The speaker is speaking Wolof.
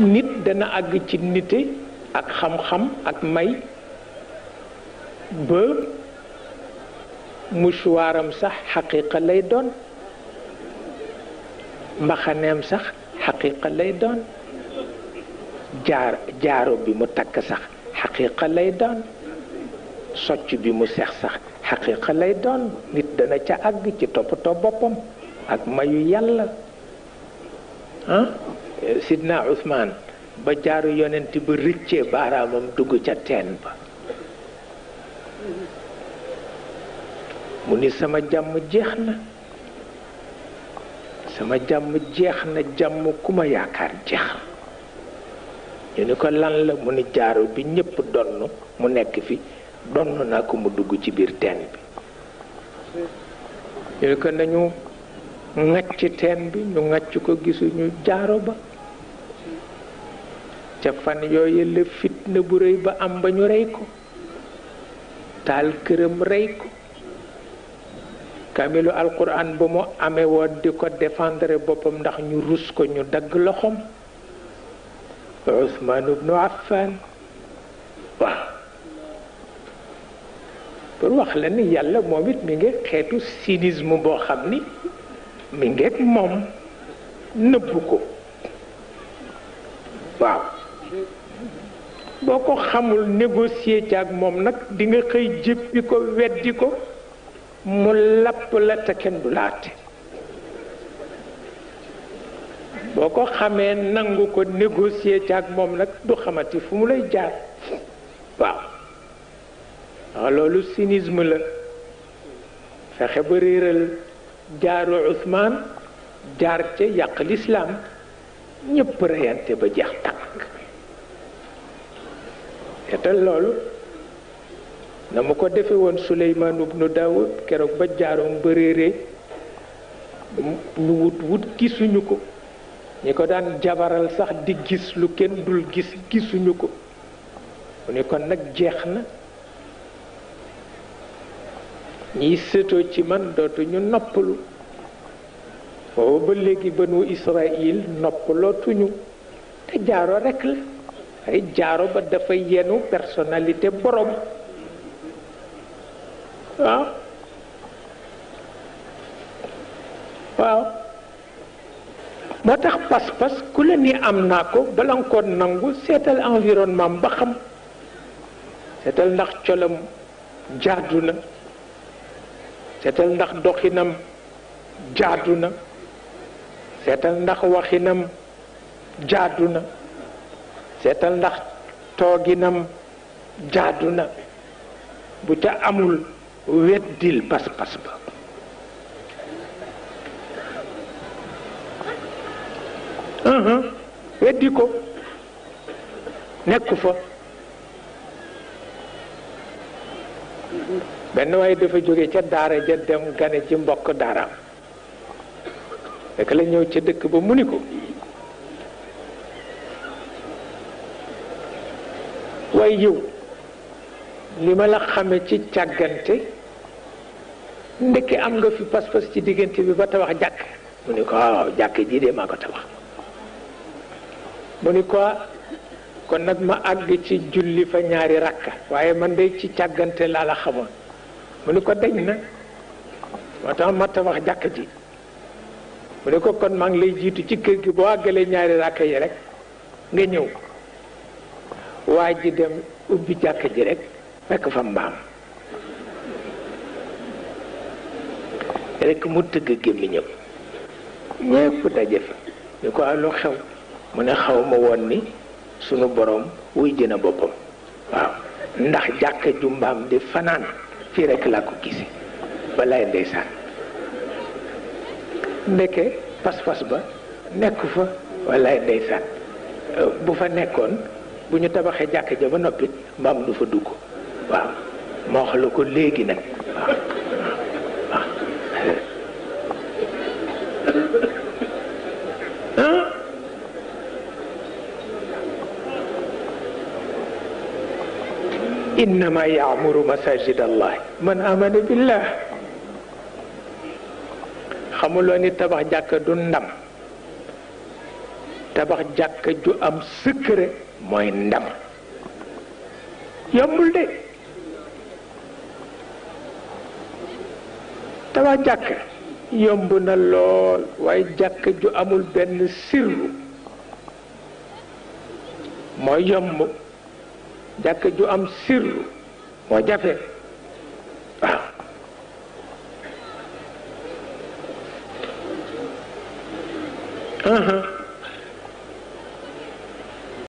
nit dana àgg ci nite ak xam-xam ak may ba musuwaaram sax xaqiqa lay doon mbaxaneem sax xaqiqa lay doon jaar jaaro bi mu takk sax xaqiqa lay doon socc bi mu seex sax xaqiqa lay doon nit dana ca àgg ci toppatoo boppam ak mayu yàlla ah. sidna usmaan ba jaaru yonent ba rëccee baaraamam dugg ca teen ba mu ni sama jàmm jeex na sama jàmm jeex na jàmm ku yaakaar jeex ñu ni ko lan la mu ni jaaro bi ñépp donn mu nekk fi donn naa ko mu dugg ci biir teen bi ñu ni ko nañu ngacc teen bi ñu ngacc ko gisuñu jaaro ba ca fan yooyu la fitna bu rëy ba am ba ñu rey ko taal këram rey ko kamilu alquran bu mu amee woon di ko défendre boppam ndax ñu rus ko ñu dagg loxom usman ibnu affan waaw pour wax la ni yàlla moom it mi ngi xeetu cynisme boo xam ni mi ngi waaw boo ko xamul négocier ci moom nag dinga nga xëy jéppi ko weddi ko mu lapp la te kenn du laate boo ko xamee nangu ko négocier ci moom nag du xamati fu mu lay jaar waaw waaw loolu cynisme la fexe ba réeral jaaru Ousmane jaar ca yàq lislaam ñépp reyante ba jeex tàkk seetal loolu na mu ko defe woon Suleymaan ibnu Daawud keroog ba jaaroom ba réeree ñu wut wut gisuñu ko ñi ko daan jabaral sax di gis lu kenn dul gis gisuñu ko mu ne kon nag jeex na ñiy sétoo ci man dootuñu noppalu booba ba léegi banu Israël noppalootuñu te jaaro rekk la ay jaaro ba dafa yenu personnalité borom waaw moo tax pas-pas ku la ni am naa ko bala nga ko nangu seetal environnement ba xam seetal ndax colam jaadu na seetal ndax doxinam jaadu na seetal ndax waxinam jaadu na seetal ndax tooginam jaadu na bu ca amul weddil pas-pas ba uh-huh. weddi ko nekku fa benn waaye dafa jóge ca daara ja dem gane ci mbokk daaraam fekk la ñëw ca dëkk ba mu ni ko waaye yow li ma la xame ci càggante ndeke am nga fi pas-pas ci diggante bi ba tabax jàkk mu ni ko waaw ah, jàkk ji de maa ko tabax mu ni ko kon nag ma àgg ci julli fa ñaari rakka waaye man de ci càggante laa la xamoon mu ni ko deñ na moo tax ma tabax jàkk ji mu ni ko kon maa ngi lay jiitu ci kër gi boo àggalee ñaari rakka yi rek nga ñëw waji dem ubi jakk ji rek fekk fa mbam rek mu tëgg gémmiñam ñépp daje fa ko ah, xew mu ne xawma won ni sunu borom wuy jën bopam waaw ndax jakk ju mbam di fanan fi rek la ko gisi balay ndeysan ndeke pas-pas ba nekk fa walay ndeysan bu fa nekkon buñu tabaxé jàkk ja ba nopi mbaam du fa dugg waaw mo wax légui nak إنما يعمر مساجد الله من آمن بالله خمولوني تبع جاك دون نم tabax jàkka ju am secret mooy ndam yombul de tabax jàkka yomb na lool waaye jàkka ju amul benn sirru mooy yomb jàkka ju am sirru moo jafe waaw